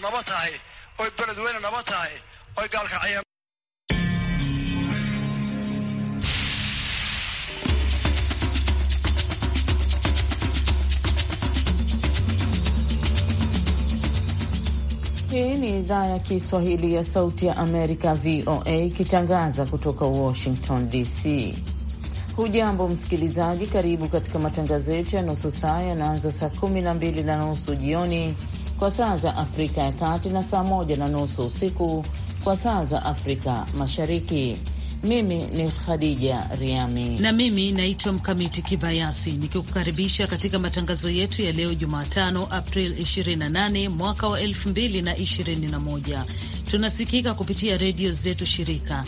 naba tahay oy beled naba tahay oy Hii ni idhaa ya Kiswahili ya Sauti ya Amerika, VOA, ikitangaza kutoka Washington DC. Hujambo msikilizaji, karibu katika matangazo yetu ya nusu saa yanaanza saa kumi na mbili na nusu jioni kwa saa za Afrika ya Kati na saa moja na nusu usiku kwa saa za Afrika Mashariki. Mimi ni Khadija Riami na mimi naitwa Mkamiti Kibayasi nikikukaribisha katika matangazo yetu ya leo Jumatano, April 28 mwaka wa 2021. Tunasikika kupitia redio zetu shirika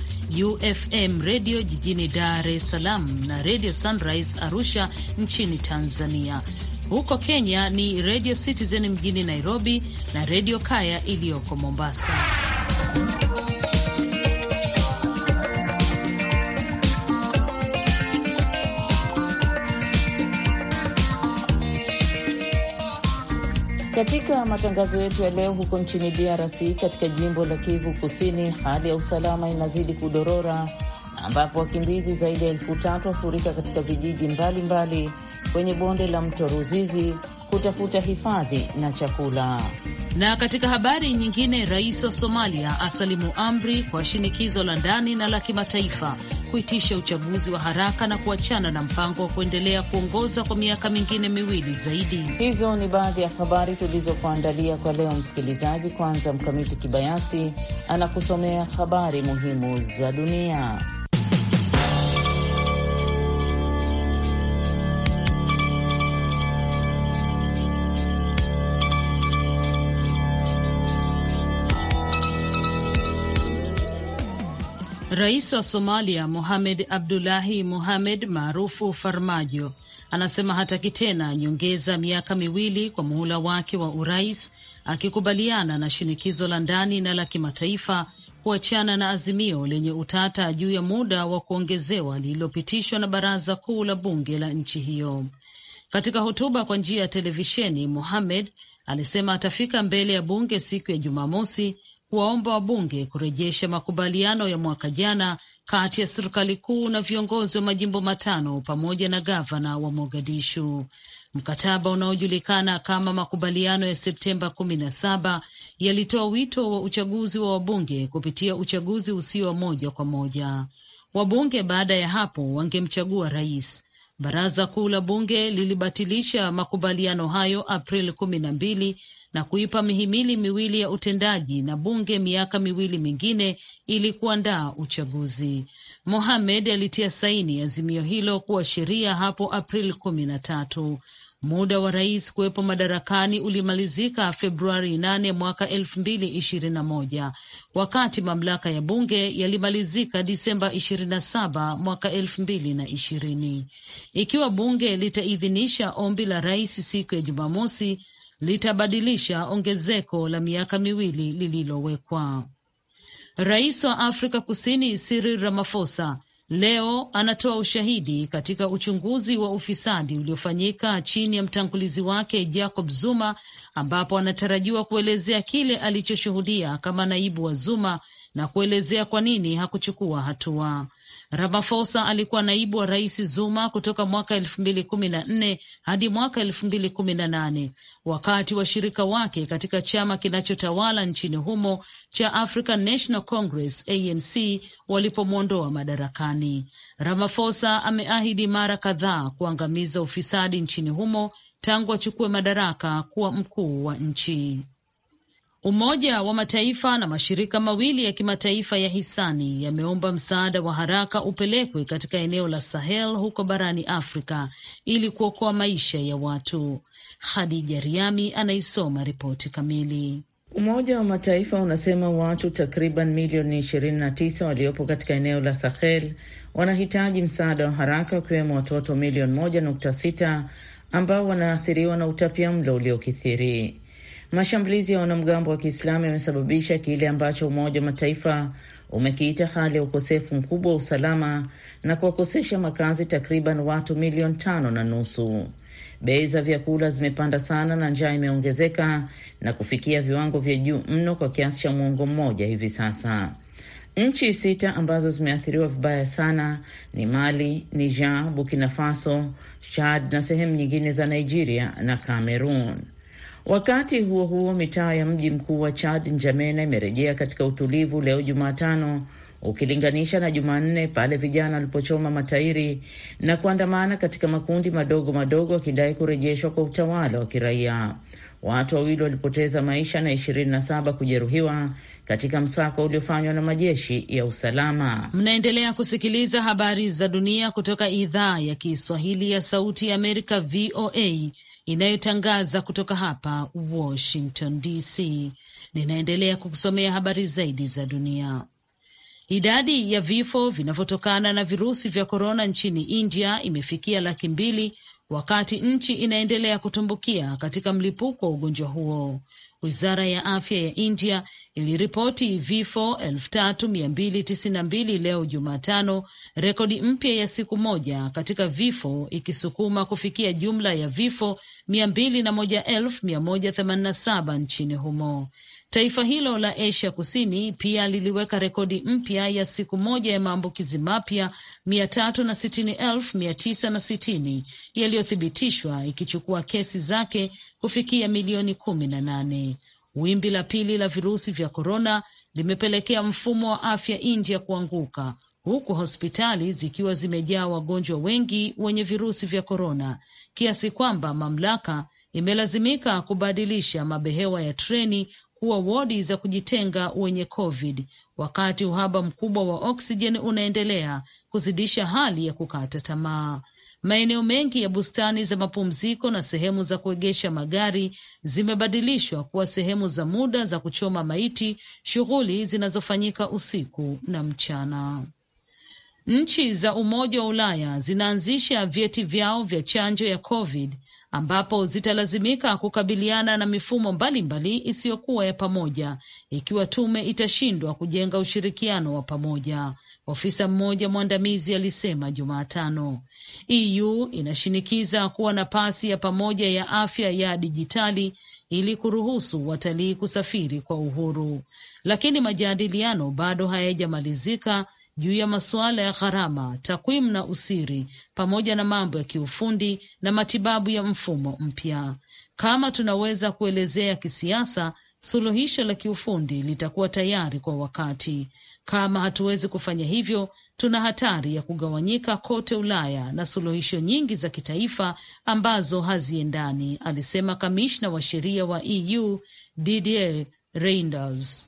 UFM redio jijini Dar es Salaam na redio Sunrise Arusha nchini Tanzania. Huko Kenya ni Radio Citizen mjini Nairobi na redio Kaya iliyoko Mombasa. Katika matangazo yetu ya leo, huko nchini DRC katika jimbo la Kivu Kusini, hali ya usalama inazidi kudorora ambapo wakimbizi zaidi ya elfu tatu wafurika katika vijiji mbalimbali mbali kwenye bonde la mto Ruzizi kutafuta hifadhi na chakula. Na katika habari nyingine, rais wa Somalia asalimu amri kwa shinikizo la ndani na la kimataifa kuitisha uchaguzi wa haraka na kuachana na mpango wa kuendelea kuongoza kwa miaka mingine miwili zaidi. Hizo ni baadhi ya habari tulizokuandalia kwa leo, msikilizaji. Kwanza Mkamiti Kibayasi anakusomea habari muhimu za dunia. Rais wa Somalia Mohamed Abdullahi Mohamed maarufu Farmajo anasema hataki tena nyongeza miaka miwili kwa muhula wake wa urais, akikubaliana na shinikizo la ndani na la kimataifa kuachana na azimio lenye utata juu ya muda wa kuongezewa lililopitishwa na baraza kuu la bunge la nchi hiyo. Katika hotuba kwa njia ya televisheni, Mohamed alisema atafika mbele ya bunge siku ya Jumamosi kuwaomba wabunge kurejesha makubaliano ya mwaka jana kati ya serikali kuu na viongozi wa majimbo matano pamoja na gavana wa Mogadishu. Mkataba unaojulikana kama makubaliano ya Septemba kumi na saba yalitoa wito wa uchaguzi wa wabunge kupitia uchaguzi usio wa moja kwa moja. Wabunge baada ya hapo wangemchagua rais. Baraza kuu la bunge lilibatilisha makubaliano hayo Aprili kumi na mbili na kuipa mihimili miwili ya utendaji na bunge miaka miwili mingine ili kuandaa uchaguzi. Mohamed alitia saini azimio hilo kuwa sheria hapo Aprili kumi na tatu. Muda wa rais kuwepo madarakani ulimalizika Februari 8 mwaka 2021, wakati mamlaka ya bunge yalimalizika Disemba 27 mwaka 2020. Ikiwa bunge litaidhinisha ombi la rais siku ya Jumamosi, litabadilisha ongezeko la miaka miwili lililowekwa. Rais wa Afrika Kusini Cyril Ramaphosa leo anatoa ushahidi katika uchunguzi wa ufisadi uliofanyika chini ya mtangulizi wake Jacob Zuma, ambapo anatarajiwa kuelezea kile alichoshuhudia kama naibu wa Zuma na kuelezea kwa nini hakuchukua hatua. Ramaphosa alikuwa naibu wa rais Zuma kutoka mwaka elfu mbili kumi na nne hadi mwaka elfu mbili kumi na nane wakati washirika wake katika chama kinachotawala nchini humo cha African National Congress ANC walipomwondoa madarakani. Ramaphosa ameahidi mara kadhaa kuangamiza ufisadi nchini humo tangu achukue madaraka kuwa mkuu wa nchi. Umoja wa Mataifa na mashirika mawili ya kimataifa ya hisani yameomba msaada wa haraka upelekwe katika eneo la Sahel huko barani Afrika ili kuokoa maisha ya watu. Khadija Riami anaisoma ripoti kamili. Umoja wa Mataifa unasema watu takriban milioni 29 waliopo katika eneo la Sahel wanahitaji msaada wa haraka, wakiwemo watoto milioni 1.6 ambao wanaathiriwa na utapia mlo uliokithiri. Mashambulizi ya wanamgambo wa Kiislamu yamesababisha kile ambacho Umoja wa Mataifa umekiita hali ya ukosefu mkubwa wa usalama na kuwakosesha makazi takriban watu milioni tano na nusu. Bei za vyakula zimepanda sana na njaa imeongezeka na kufikia viwango vya juu mno kwa kiasi cha mwongo mmoja hivi sasa. Nchi sita ambazo zimeathiriwa vibaya sana ni Mali, Niger, Burkina Faso, Chad na sehemu nyingine za Nigeria na Cameroon. Wakati huo huo, mitaa ya mji mkuu wa Chad, Njamena, imerejea katika utulivu leo Jumatano ukilinganisha na Jumanne pale vijana walipochoma matairi na kuandamana katika makundi madogo madogo wakidai kurejeshwa kwa utawala wa kiraia. Watu wawili walipoteza maisha na ishirini na saba kujeruhiwa katika msako uliofanywa na majeshi ya usalama. Mnaendelea kusikiliza habari za dunia kutoka idhaa ya Kiswahili ya Sauti ya Amerika, VOA inayotangaza kutoka hapa Washington DC. Ninaendelea kukusomea habari zaidi za dunia. Idadi ya vifo vinavyotokana na virusi vya korona nchini India imefikia laki mbili wakati nchi inaendelea kutumbukia katika mlipuko wa ugonjwa huo. Wizara ya afya ya India iliripoti vifo 3292 leo Jumatano, rekodi mpya ya siku moja katika vifo, ikisukuma kufikia jumla ya vifo 201,187 nchini humo. Taifa hilo la Asia Kusini pia liliweka rekodi mpya ya siku moja ya maambukizi mapya sitini yaliyothibitishwa ikichukua kesi zake kufikia milioni kumi na nane. Wimbi la pili la virusi vya korona limepelekea mfumo wa afya India kuanguka huku hospitali zikiwa zimejaa wagonjwa wengi wenye virusi vya korona kiasi kwamba mamlaka imelazimika kubadilisha mabehewa ya treni kuwa wodi za kujitenga wenye COVID, wakati uhaba mkubwa wa oksijeni unaendelea kuzidisha hali ya kukata tamaa. Maeneo mengi ya bustani za mapumziko na sehemu za kuegesha magari zimebadilishwa kuwa sehemu za muda za kuchoma maiti, shughuli zinazofanyika usiku na mchana. Nchi za Umoja wa Ulaya zinaanzisha vyeti vyao vya chanjo ya COVID ambapo zitalazimika kukabiliana na mifumo mbalimbali isiyokuwa ya pamoja ikiwa tume itashindwa kujenga ushirikiano wa pamoja, ofisa mmoja mwandamizi alisema Jumatano. EU inashinikiza kuwa na pasi ya pamoja ya afya ya dijitali ili kuruhusu watalii kusafiri kwa uhuru, lakini majadiliano bado hayajamalizika juu ya masuala ya gharama, takwimu na usiri, pamoja na mambo ya kiufundi na matibabu ya mfumo mpya. Kama tunaweza kuelezea kisiasa, suluhisho la kiufundi litakuwa tayari kwa wakati. Kama hatuwezi kufanya hivyo, tuna hatari ya kugawanyika kote Ulaya na suluhisho nyingi za kitaifa ambazo haziendani, alisema kamishna wa sheria wa EU Didier Reynders.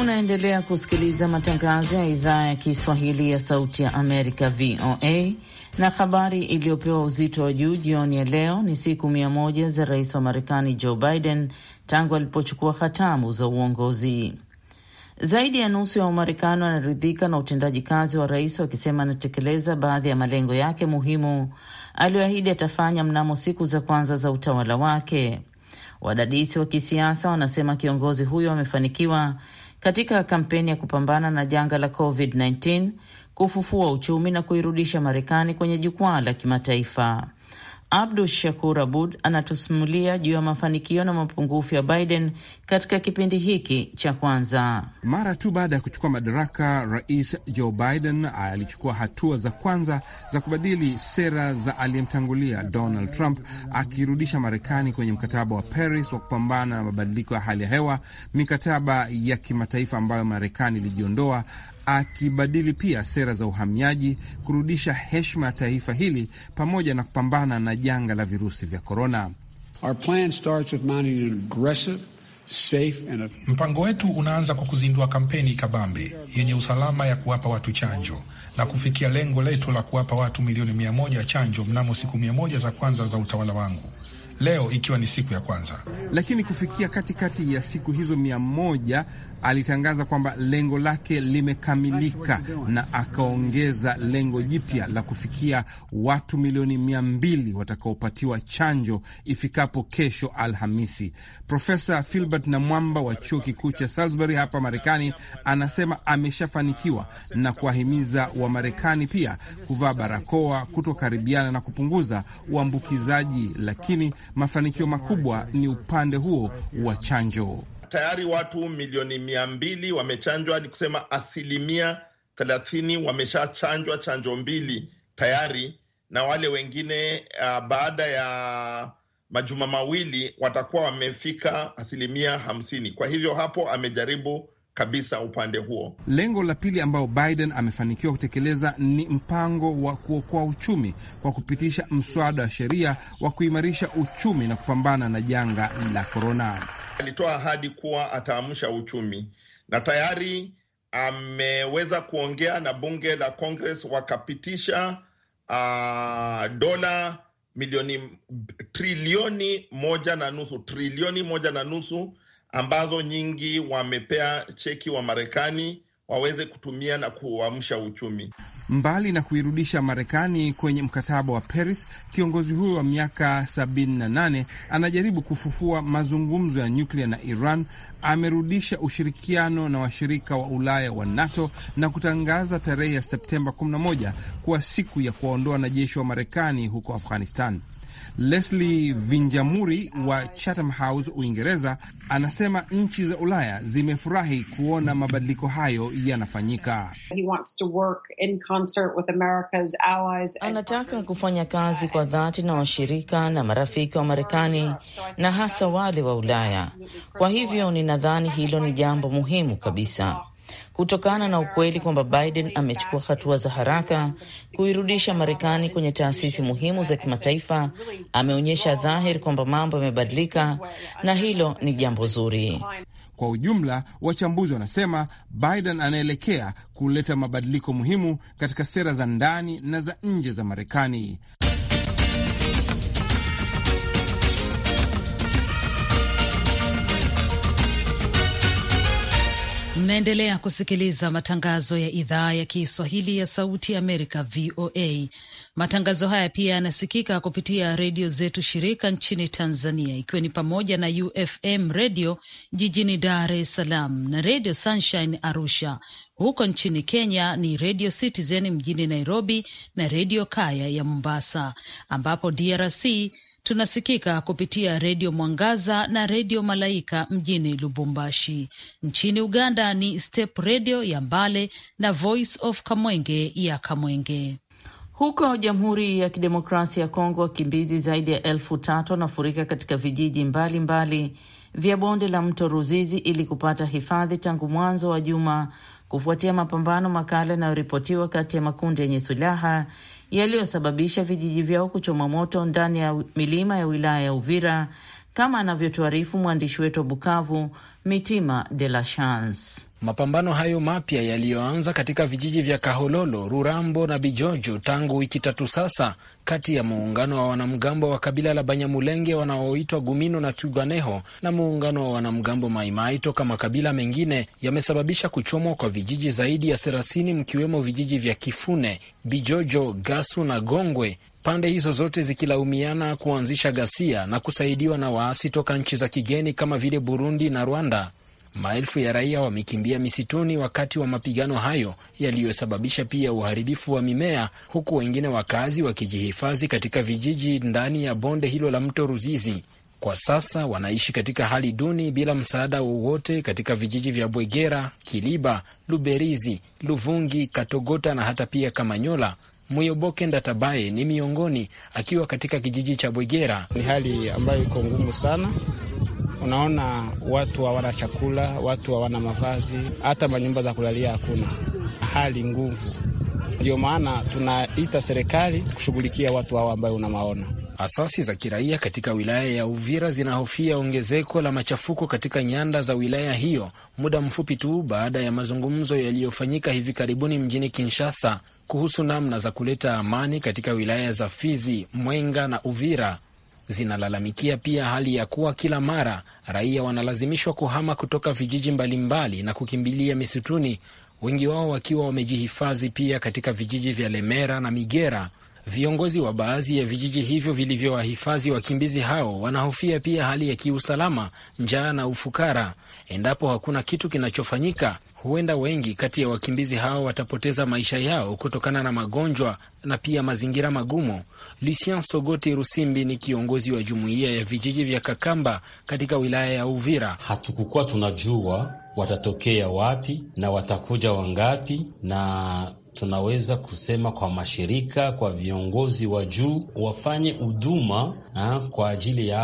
Unaendelea kusikiliza matangazo ya idhaa ya Kiswahili ya Sauti ya Amerika, VOA. Na habari iliyopewa uzito wa juu jioni ya leo ni siku mia moja za rais wa Marekani Joe Biden tangu alipochukua hatamu za uongozi. Zaidi ya nusu ya Wamarekani wanaridhika na utendaji kazi wa rais, wakisema anatekeleza baadhi ya malengo yake muhimu aliyoahidi atafanya mnamo siku za kwanza za utawala wake. Wadadisi wa kisiasa wanasema kiongozi huyo amefanikiwa katika kampeni ya kupambana na janga la COVID-19, kufufua uchumi na kuirudisha Marekani kwenye jukwaa la kimataifa. Abdu Shakur Abud anatusimulia juu ya mafanikio na mapungufu ya Biden katika kipindi hiki cha kwanza. Mara tu baada ya kuchukua madaraka, Rais Joe Biden alichukua hatua za kwanza za kubadili sera za aliyemtangulia Donald Trump, akirudisha Marekani kwenye mkataba wa Paris wa kupambana na mabadiliko ya hali ya hewa, mikataba ya kimataifa ambayo Marekani ilijiondoa akibadili pia sera za uhamiaji, kurudisha heshima ya taifa hili pamoja na kupambana na janga la virusi vya korona. Mpango wetu unaanza kwa kuzindua kampeni kabambe yenye usalama ya kuwapa watu chanjo na kufikia lengo letu la kuwapa watu milioni mia moja chanjo mnamo siku mia moja za kwanza za utawala wangu, leo ikiwa ni siku ya kwanza. Lakini kufikia katikati kati ya siku hizo mia moja alitangaza kwamba lengo lake limekamilika na akaongeza lengo jipya la kufikia watu milioni mia mbili watakaopatiwa chanjo ifikapo kesho Alhamisi. Profesa Filbert Namwamba wa chuo kikuu cha Salisbury hapa Marekani anasema ameshafanikiwa na kuwahimiza Wamarekani pia kuvaa barakoa, kutokaribiana na kupunguza uambukizaji, lakini mafanikio makubwa ni upande huo wa chanjo tayari watu milioni mia mbili wamechanjwa, ni kusema asilimia thelathini wameshachanjwa chanjo mbili tayari, na wale wengine uh, baada ya majuma mawili watakuwa wamefika asilimia hamsini. Kwa hivyo hapo amejaribu kabisa upande huo. Lengo la pili ambayo Biden amefanikiwa kutekeleza ni mpango wa kuokoa uchumi kwa kupitisha mswada wa sheria wa kuimarisha uchumi na kupambana na janga la korona. Alitoa ahadi kuwa ataamsha uchumi na tayari ameweza kuongea na bunge la Congress wakapitisha uh, dola milioni trilioni moja na nusu trilioni moja na nusu ambazo nyingi wamepea cheki wa Marekani waweze kutumia na kuamsha uchumi. Mbali na kuirudisha Marekani kwenye mkataba wa Paris, kiongozi huyo wa miaka 78 anajaribu kufufua mazungumzo ya nyuklia na Iran. Amerudisha ushirikiano na washirika wa Ulaya wa NATO na kutangaza tarehe ya Septemba 11 kuwa siku ya kuwaondoa wanajeshi wa Marekani huko Afghanistan. Leslie Vinjamuri wa Chatham House, Uingereza, anasema nchi za Ulaya zimefurahi kuona mabadiliko hayo yanafanyika. Anataka kufanya kazi kwa dhati na washirika na marafiki wa Marekani na hasa wale wa Ulaya. Kwa hivyo ninadhani hilo ni jambo muhimu kabisa kutokana na ukweli kwamba Biden amechukua hatua za haraka kuirudisha Marekani kwenye taasisi muhimu za kimataifa. Ameonyesha dhahiri kwamba mambo yamebadilika, na hilo ni jambo zuri. Kwa ujumla, wachambuzi wanasema Biden anaelekea kuleta mabadiliko muhimu katika sera za ndani na za nje za Marekani. Mnaendelea kusikiliza matangazo ya idhaa ya Kiswahili ya Sauti ya Amerika, VOA. Matangazo haya pia yanasikika kupitia redio zetu shirika nchini Tanzania, ikiwa ni pamoja na UFM redio jijini Dar es Salaam na redio Sunshine Arusha. Huko nchini Kenya ni redio Citizen mjini Nairobi na redio Kaya ya Mombasa, ambapo DRC Tunasikika kupitia Redio Mwangaza na Redio Malaika mjini Lubumbashi. Nchini Uganda ni Step Redio ya Mbale na Voice of Kamwenge ya Kamwenge. Huko Jamhuri ya Kidemokrasia ya Kongo, wakimbizi zaidi ya elfu tatu wanafurika katika vijiji mbalimbali vya bonde la mto Ruzizi ili kupata hifadhi tangu mwanzo wa juma kufuatia mapambano makali yanayoripotiwa kati ya makundi yenye silaha yaliyosababisha vijiji vyao kuchoma moto ndani ya milima ya wilaya ya Uvira, kama anavyotuarifu mwandishi wetu wa Bukavu, Mitima de la Chance. Mapambano hayo mapya yaliyoanza katika vijiji vya Kahololo, Rurambo na Bijojo tangu wiki tatu sasa, kati ya muungano wa wanamgambo wa kabila la Banyamulenge wanaoitwa Gumino na Tuganeho na muungano wa wanamgambo Maimai toka makabila mengine yamesababisha kuchomwa kwa vijiji zaidi ya thelathini, mkiwemo vijiji vya Kifune, Bijojo, Gasu na Gongwe, pande hizo zote zikilaumiana kuanzisha ghasia na kusaidiwa na waasi toka nchi za kigeni kama vile Burundi na Rwanda. Maelfu ya raia wamekimbia misituni wakati wa mapigano hayo yaliyosababisha pia uharibifu wa mimea, huku wengine wakazi wakijihifadhi katika vijiji ndani ya bonde hilo la mto Ruzizi. Kwa sasa wanaishi katika hali duni bila msaada wowote katika vijiji vya Bwegera, Kiliba, Luberizi, Luvungi, Katogota na hata pia Kamanyola. Muyoboke Ndatabaye ni miongoni, akiwa katika kijiji cha Bwegera. Ni hali ambayo iko ngumu sana Unaona, watu hawana chakula, watu hawana mavazi, hata manyumba za kulalia hakuna, hali nguvu. Ndio maana tunaita serikali kushughulikia watu hao ambayo unawaona. Asasi za kiraia katika wilaya ya Uvira zinahofia ongezeko la machafuko katika nyanda za wilaya hiyo muda mfupi tu baada ya mazungumzo yaliyofanyika hivi karibuni mjini Kinshasa kuhusu namna za kuleta amani katika wilaya za Fizi, Mwenga na Uvira zinalalamikia pia hali ya kuwa kila mara raia wanalazimishwa kuhama kutoka vijiji mbalimbali na kukimbilia misituni, wengi wao wakiwa wamejihifadhi pia katika vijiji vya Lemera na Migera. Viongozi wa baadhi ya vijiji hivyo vilivyowahifadhi wakimbizi hao wanahofia pia hali ya kiusalama, njaa na ufukara endapo hakuna kitu kinachofanyika huenda wengi kati ya wakimbizi hao watapoteza maisha yao kutokana na magonjwa na pia mazingira magumu. Lucien Sogoti Rusimbi ni kiongozi wa jumuiya ya vijiji vya Kakamba katika wilaya ya Uvira. Hatukukuwa tunajua watatokea wapi na watakuja wangapi na tunaweza kusema kwa mashirika, kwa viongozi wa juu wafanye huduma kwa ajili ya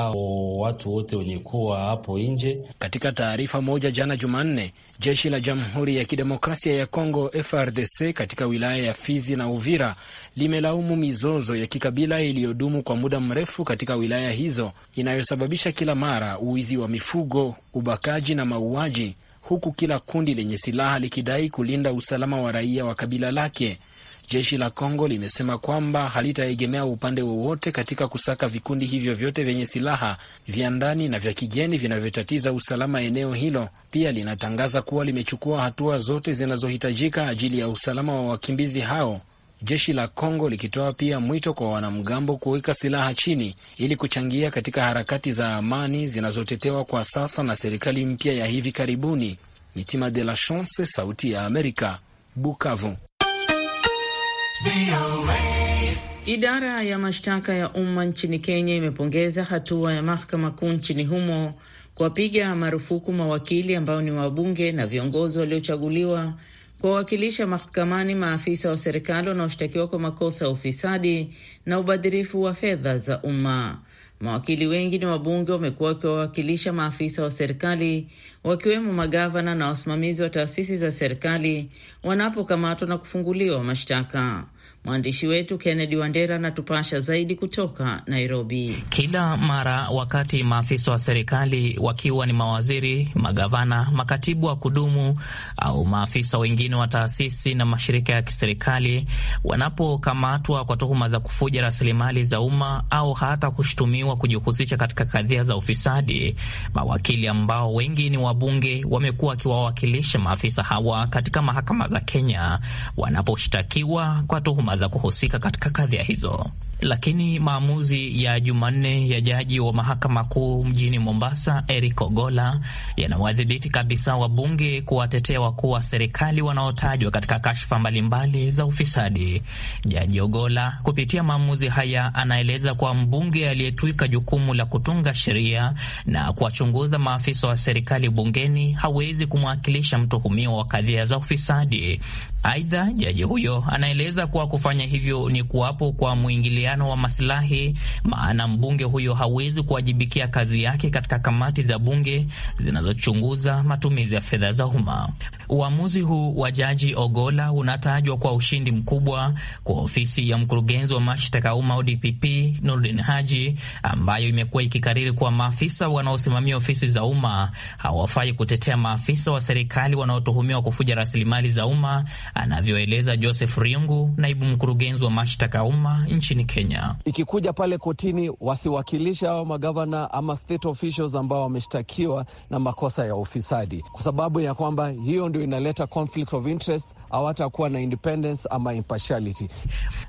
watu wote wenye kuwa hapo nje. Katika taarifa moja jana Jumanne, jeshi la Jamhuri ya Kidemokrasia ya Kongo FRDC katika wilaya ya Fizi na Uvira limelaumu mizozo ya kikabila iliyodumu kwa muda mrefu katika wilaya hizo inayosababisha kila mara uwizi wa mifugo, ubakaji na mauaji huku kila kundi lenye silaha likidai kulinda usalama wa raia wa kabila lake. Jeshi la Kongo limesema kwamba halitaegemea upande wowote katika kusaka vikundi hivyo vyote vyenye silaha vya ndani na vya kigeni vinavyotatiza usalama eneo hilo. Pia linatangaza kuwa limechukua hatua zote zinazohitajika ajili ya usalama wa wakimbizi hao jeshi la Kongo likitoa pia mwito kwa wanamgambo kuweka silaha chini ili kuchangia katika harakati za amani zinazotetewa kwa sasa na serikali mpya ya hivi karibuni. Mitima de la Chance, Sauti ya Amerika, Bukavu. Idara ya mashtaka ya umma nchini Kenya imepongeza hatua ya mahakama kuu nchini humo kuwapiga marufuku mawakili ambao ni wabunge na viongozi waliochaguliwa kuwawakilisha mahakamani maafisa wa serikali wanaoshtakiwa kwa makosa ya ufisadi na ubadhirifu wa fedha za umma. Mawakili wengi ni wabunge, wamekuwa wakiwawakilisha maafisa wa serikali wakiwemo magavana na wasimamizi wa taasisi za serikali wanapokamatwa na kufunguliwa mashtaka. Mwandishi wetu Kennedy Wandera anatupasha zaidi kutoka Nairobi. Kila mara wakati maafisa wa serikali wakiwa ni mawaziri, magavana, makatibu wa kudumu au maafisa wengine wa taasisi na mashirika ya kiserikali wanapokamatwa kwa tuhuma za kufuja rasilimali za umma au hata kushutumiwa kujihusisha katika kadhia za ufisadi, mawakili ambao wengi ni wabunge wamekuwa wakiwawakilisha maafisa hawa katika mahakama za Kenya wanaposhtakiwa kwa tuhuma za kuhusika katika kadhia hizo. Lakini maamuzi ya Jumanne ya jaji wa mahakama kuu mjini Mombasa Eric Ogola yanawadhibiti kabisa wabunge kuwatetea wakuu wa serikali wanaotajwa katika kashfa mbalimbali za ufisadi. Jaji Ogola kupitia maamuzi haya anaeleza kwa mbunge aliyetwika jukumu la kutunga sheria na kuwachunguza maafisa wa serikali bungeni hawezi kumwakilisha mtuhumiwa wa kadhia za ufisadi. Aidha, jaji huyo anaeleza kuwa kufanya hivyo ni kuwapo kwa mwingilia uwiano wa masilahi, maana mbunge huyo hawezi kuwajibikia kazi yake katika kamati za bunge zinazochunguza matumizi ya fedha za umma. Uamuzi huu wa Jaji Ogola unatajwa kwa ushindi mkubwa kwa ofisi ya mkurugenzi wa mashtaka ya umma DPP Nurdin Haji, ambayo imekuwa ikikariri kuwa maafisa wanaosimamia ofisi za umma hawafai kutetea maafisa wa serikali wanaotuhumiwa kufuja rasilimali za umma, anavyoeleza Joseph Riungu, naibu mkurugenzi wa mashtaka ya umma nchini Kenya. Kenya. Ikikuja pale kotini, wasiwakilisha hao magavana ama state officials ambao wameshtakiwa na makosa ya ufisadi, kwa sababu ya kwamba hiyo ndio inaleta conflict of interest hawatakuwa na independence ama impartiality.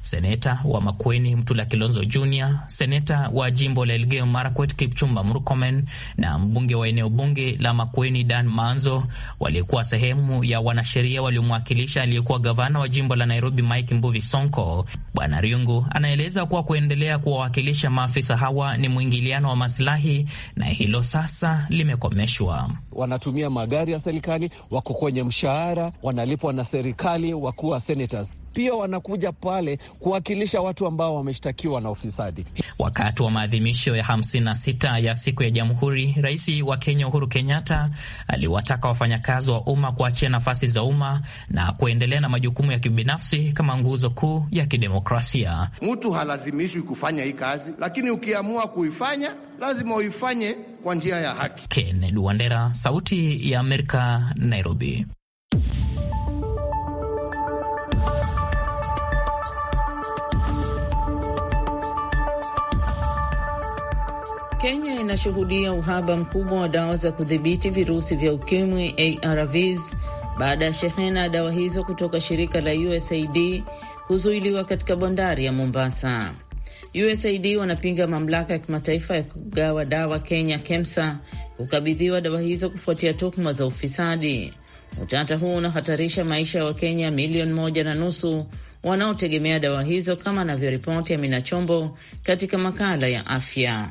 Seneta wa Makueni Mtula Kilonzo Jr, seneta wa jimbo la Elgeyo Marakwet Kipchumba Murkomen na mbunge wa eneo bunge la Makueni Dan manzo waliokuwa sehemu ya wanasheria waliomwakilisha aliyekuwa gavana wa jimbo la Nairobi Mike Mbuvi Sonko. Bwana ryungu anaeleza kuwa kuendelea kuwawakilisha maafisa hawa ni mwingiliano wa masilahi na hilo sasa limekomeshwa. Wanatumia magari ya serikali, wako kwenye mshahara, wanalipwa na serikali serikali, wakuwa wa senators pia wanakuja pale kuwakilisha watu ambao wameshtakiwa na ufisadi. Wakati wa maadhimisho ya sita ya siku ya Jamhuri, rais wa Kenya Uhuru Kenyatta aliwataka wafanyakazi wa umma kuachia nafasi za umma na kuendelea na majukumu ya kibinafsi kama nguzo kuu ya kidemokrasia. Mtu halazimishwi kufanya hii kazi, lakini ukiamua kuifanya lazima uifanye kwa njia ya haki. Kennedy Wandera, Sauti ya Amerika, Nairobi. Kenya inashuhudia uhaba mkubwa wa dawa za kudhibiti virusi vya ukimwi ARVs baada ya shehena ya dawa hizo kutoka shirika la USAID kuzuiliwa katika bandari ya Mombasa. USAID wanapinga mamlaka ya kimataifa ya kugawa dawa Kenya, KEMSA, kukabidhiwa dawa hizo kufuatia tuhuma za ufisadi. Utata huu unahatarisha maisha ya wa Wakenya milioni moja na nusu wanaotegemea dawa hizo, kama anavyoripoti Amina Chombo katika makala ya afya.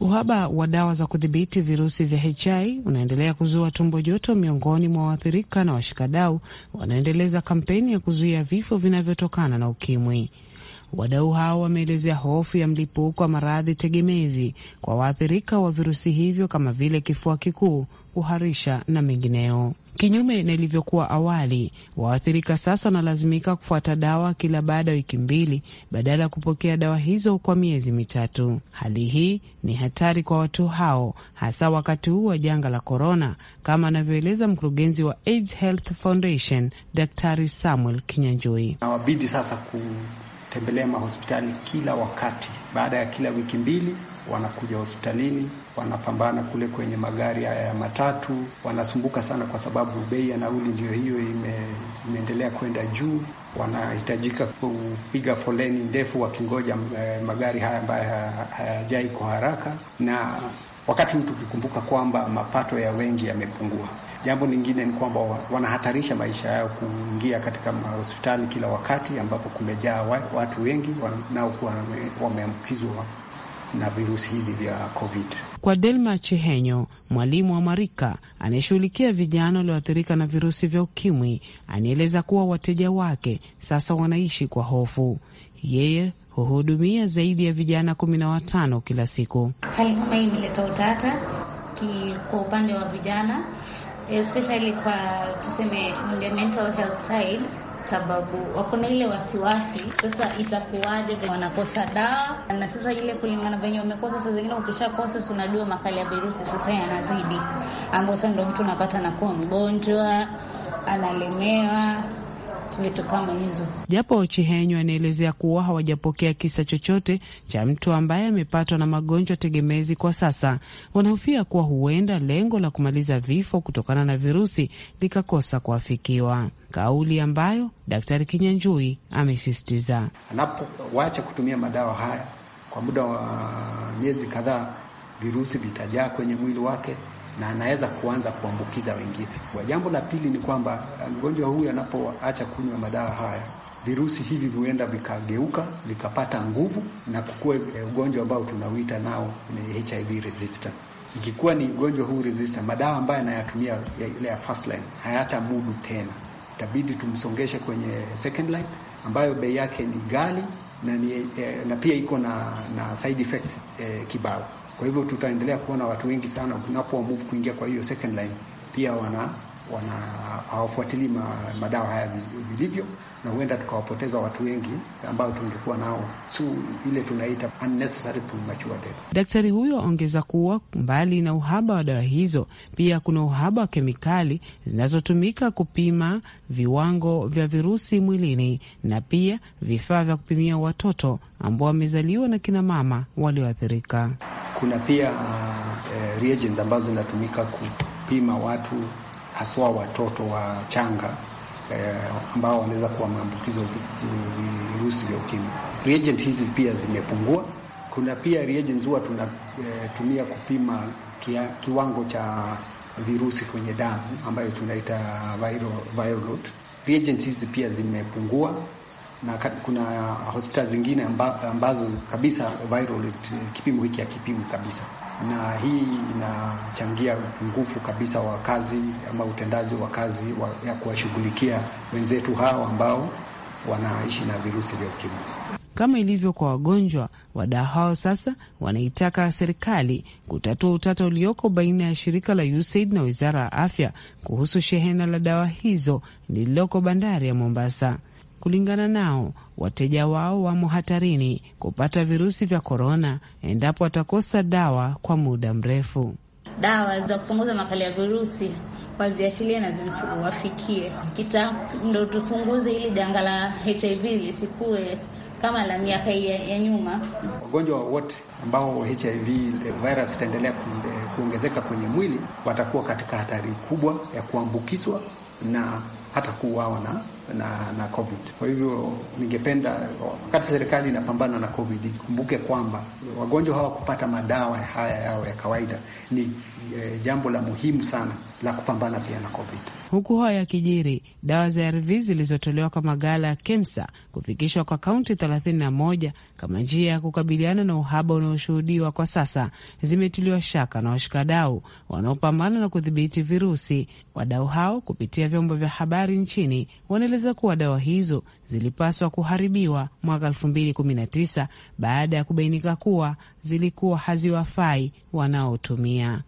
Uhaba wa dawa za kudhibiti virusi vya HIV unaendelea kuzua tumbo joto miongoni mwa waathirika na washikadau wanaendeleza kampeni ya kuzuia vifo vinavyotokana na ukimwi. Wadau hao wameelezea hofu ya mlipuko wa maradhi tegemezi kwa waathirika wa virusi hivyo kama vile kifua kikuu, kuharisha na mengineo. Kinyume na ilivyokuwa awali, waathirika sasa wanalazimika kufuata dawa kila baada ya wiki mbili badala ya kupokea dawa hizo kwa miezi mitatu. Hali hii ni hatari kwa watu hao, hasa wakati huu wa janga la korona, kama anavyoeleza mkurugenzi wa AIDS Health Foundation Daktari Samuel Kinyanjui. Nawabidi sasa kutembelea mahospitali kila wakati baada ya kila wiki mbili wanakuja hospitalini, wanapambana kule kwenye magari haya ya matatu, wanasumbuka sana kwa sababu bei ya nauli ndio hiyo ime, imeendelea kwenda juu. Wanahitajika kupiga foleni ndefu wakingoja eh, magari haya ambayo hayajai kwa haraka, na wakati huu tukikumbuka kwamba mapato ya wengi yamepungua. Jambo lingine ni kwamba wanahatarisha maisha yao kuingia katika hospitali kila wakati, ambapo kumejaa watu wengi wanaokuwa wameambukizwa na virusi hivi vya COVID. Kwa Delma Chihenyo, mwalimu wa Marika anayeshughulikia vijana walioathirika na virusi vya ukimwi, anaeleza kuwa wateja wake sasa wanaishi kwa hofu. Yeye huhudumia zaidi ya vijana kumi na watano kila siku. Hali kama hii imeleta utata kwa upande wa vijana especially kwa tuseme on the mental health side sababu wako na ile wasiwasi sasa, itakuwaje? Wanakosa dawa na sasa ile kulingana venye wamekosa, saa zingine ukishakosa, unajua makali ya virusi sasa yanazidi, ambao sasa ndo mtu unapata anakuwa mgonjwa, analemewa vitu kama hizo. Japo Chihenyo anaelezea kuwa hawajapokea kisa chochote cha mtu ambaye amepatwa na magonjwa tegemezi kwa sasa, wanahofia kuwa huenda lengo la kumaliza vifo kutokana na virusi likakosa kuafikiwa, kauli ambayo Daktari Kinyanjui amesisitiza. Anapowacha kutumia madawa haya kwa muda wa miezi kadhaa, virusi vitajaa kwenye mwili wake na anaweza kuanza kuambukiza wengine. Kwa jambo la pili ni kwamba eh, mgonjwa huyu anapoacha kunywa madawa haya virusi hivi huenda vikageuka vikapata nguvu na kukua eh, ugonjwa ambao tunauita nao ni HIV resistant. Ikikuwa ni ugonjwa huu resistant, madawa ambayo anayatumia ile ya first line hayata mudu tena, itabidi tumsongeshe kwenye second line ambayo bei yake ni ghali na, ni, eh, na pia iko na, na side effects eh, kibao. Kwa hivyo tutaendelea kuona watu wengi sana unapo move kuingia kwa hiyo second line, pia wana hawafuatilii madawa haya vilivyo na huenda tukawapoteza watu wengi ambao tungekuwa nao su ile tunaita unnecessary premature death. Daktari huyo aongeza kuwa mbali na uhaba wa dawa hizo, pia kuna uhaba wa kemikali zinazotumika kupima viwango vya virusi mwilini na pia vifaa vya kupimia watoto ambao wamezaliwa na kina mama walioathirika. Kuna pia uh, reagents ambazo zinatumika kupima watu haswa watoto wa changa eh, ambao wanaweza kuwa maambukizo virusi vya ukimwi. Reagent hizi pia zimepungua. Kuna pia reagents huwa tunatumia eh, kupima kia, kiwango cha virusi kwenye damu ambayo tunaita viral, viral load. Reagents hizi pia zimepungua na kuna hospitali zingine amba, ambazo kabisa viral load, kipimo hiki kipimo kabisa na hii inachangia upungufu kabisa wa kazi ama utendaji wa kazi wa, ya kuwashughulikia wenzetu hao ambao wanaishi na virusi vya ukimwi. Kama ilivyo kwa wagonjwa, wadau hao sasa wanaitaka serikali kutatua utata ulioko baina ya shirika la USAID na wizara ya afya kuhusu shehena la dawa hizo lililoko bandari ya Mombasa. Kulingana nao wateja wao wamo hatarini kupata virusi vya korona endapo watakosa dawa kwa muda mrefu. Dawa za kupunguza makali ya virusi waziachilie na ziwafikie kita, ndo tupunguze ili janga la HIV lisikue kama la miaka ya nyuma. Wagonjwa wote ambao HIV eh, virus itaendelea kuongezeka kwenye mwili watakuwa katika hatari kubwa ya kuambukizwa na hata kuuawa na, na, na COVID. Kwa hivyo ningependa wakati serikali inapambana na COVID ikumbuke kwamba wagonjwa hawakupata madawa haya yao ya kawaida, ni eh, jambo la muhimu sana la kupambana pia na COVID. Huku hayo yakijiri, dawa za ARV zilizotolewa kwa magala ya KEMSA kufikishwa kwa kaunti 31 kama njia ya kukabiliana na uhaba unaoshuhudiwa kwa sasa zimetiliwa shaka na washikadau wanaopambana na kudhibiti virusi. Wadau hao kupitia vyombo vya habari nchini wanaeleza kuwa dawa hizo zilipaswa kuharibiwa mwaka 2019 baada ya kubainika kuwa zilikuwa haziwafai wanaotumia.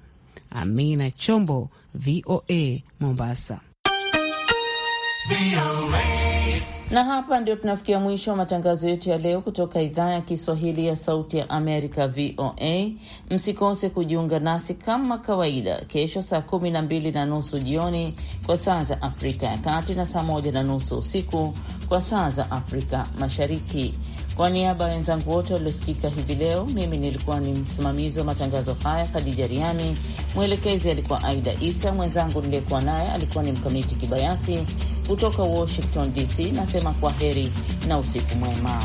Amina Chombo, VOA Mombasa. Na hapa ndio tunafikia mwisho wa matangazo yetu ya leo kutoka idhaa ya Kiswahili ya Sauti ya Amerika, VOA. Msikose kujiunga nasi kama kawaida kesho saa kumi na mbili na nusu jioni kwa saa za Afrika ya Kati na saa moja na nusu usiku kwa saa za Afrika Mashariki. Kwa niaba ya wenzangu wote waliosikika hivi leo, mimi nilikuwa ni msimamizi wa matangazo haya Khadija Riami, mwelekezi alikuwa Aida Isa, mwenzangu niliyekuwa naye alikuwa ni Mkamiti Kibayasi. Kutoka Washington DC nasema kwa heri na usiku mwema.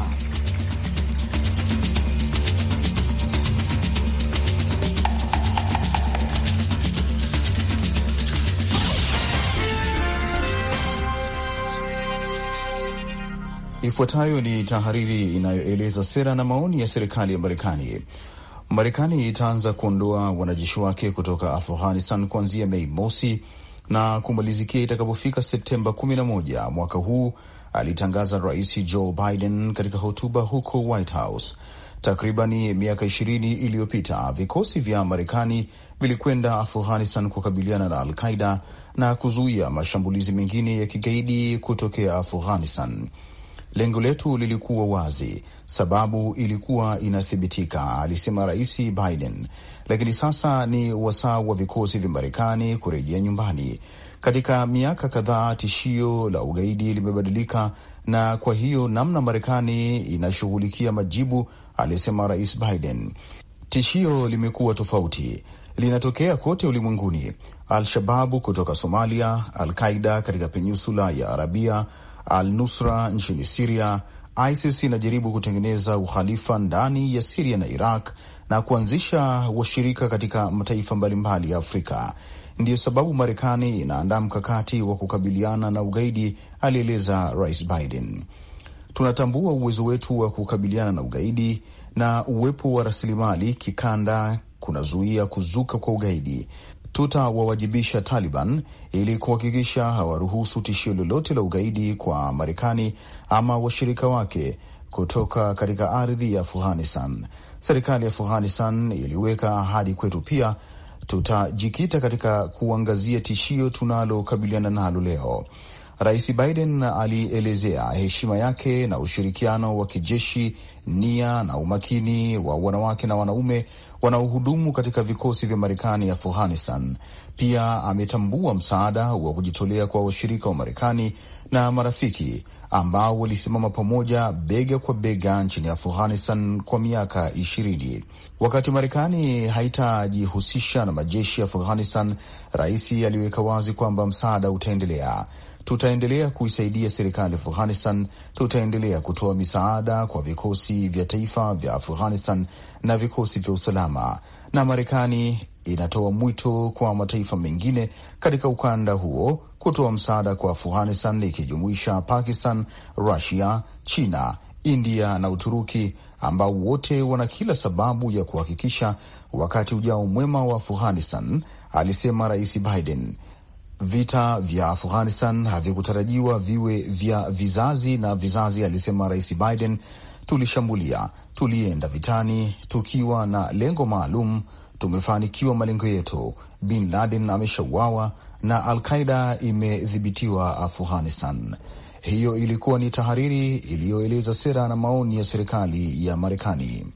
Ifuatayo ni tahariri inayoeleza sera na maoni ya serikali ya Marekani. Marekani itaanza kuondoa wanajeshi wake kutoka Afghanistan kuanzia Mei mosi na kumalizikia itakapofika Septemba 11 mwaka huu, alitangaza Rais Joe Biden katika hotuba huko White House. Takribani miaka ishirini iliyopita vikosi vya Marekani vilikwenda Afghanistan kukabiliana na alqaida na kuzuia mashambulizi mengine ya kigaidi kutokea Afghanistan. Lengo letu lilikuwa wazi, sababu ilikuwa inathibitika, alisema Rais Biden. Lakini sasa ni wasaa wa vikosi vya Marekani kurejea nyumbani. Katika miaka kadhaa, tishio la ugaidi limebadilika, na kwa hiyo namna Marekani inashughulikia majibu, alisema Rais Biden. Tishio limekuwa tofauti, linatokea kote ulimwenguni. Al-Shababu kutoka Somalia, Al Qaida katika peninsula ya Arabia, al-Nusra nchini Siria, ISIS inajaribu kutengeneza uhalifa ndani ya Siria na Iraq na kuanzisha washirika katika mataifa mbalimbali ya Afrika. Ndiyo sababu Marekani inaandaa mkakati wa kukabiliana na ugaidi, alieleza Rais Biden. Tunatambua uwezo wetu wa kukabiliana na ugaidi na uwepo wa rasilimali kikanda kunazuia kuzuka kwa ugaidi tutawawajibisha Taliban ili kuhakikisha hawaruhusu tishio lolote la ugaidi kwa Marekani ama washirika wake kutoka katika ardhi ya Afghanistan. Serikali ya Afghanistan iliweka ahadi kwetu pia tutajikita katika kuangazia tishio tunalokabiliana nalo leo. Rais Biden alielezea heshima yake na ushirikiano wa kijeshi, nia na umakini wa wanawake na wanaume wanaohudumu katika vikosi vya Marekani Afghanistan. Pia ametambua msaada wa kujitolea kwa washirika wa Marekani na marafiki ambao walisimama pamoja bega kwa bega nchini Afghanistan kwa miaka ishirini. Wakati Marekani haitajihusisha na majeshi ya Afghanistan, rais aliweka wazi kwamba msaada utaendelea. Tutaendelea kuisaidia serikali ya Afghanistan. Tutaendelea kutoa misaada kwa vikosi vya taifa vya Afghanistan na vikosi vya usalama, na Marekani inatoa mwito kwa mataifa mengine katika ukanda huo kutoa msaada kwa Afghanistan, ikijumuisha Pakistan, Rusia, China, India na Uturuki, ambao wote wana kila sababu ya kuhakikisha wakati ujao mwema wa Afghanistan, alisema Rais Biden vita vya Afghanistan havikutarajiwa viwe vya vizazi na vizazi, alisema Rais Biden. Tulishambulia, tulienda vitani tukiwa na lengo maalum, tumefanikiwa malengo yetu. Bin Laden ameshauawa na Al Qaida imedhibitiwa Afghanistan. Hiyo ilikuwa ni tahariri iliyoeleza sera na maoni ya serikali ya Marekani.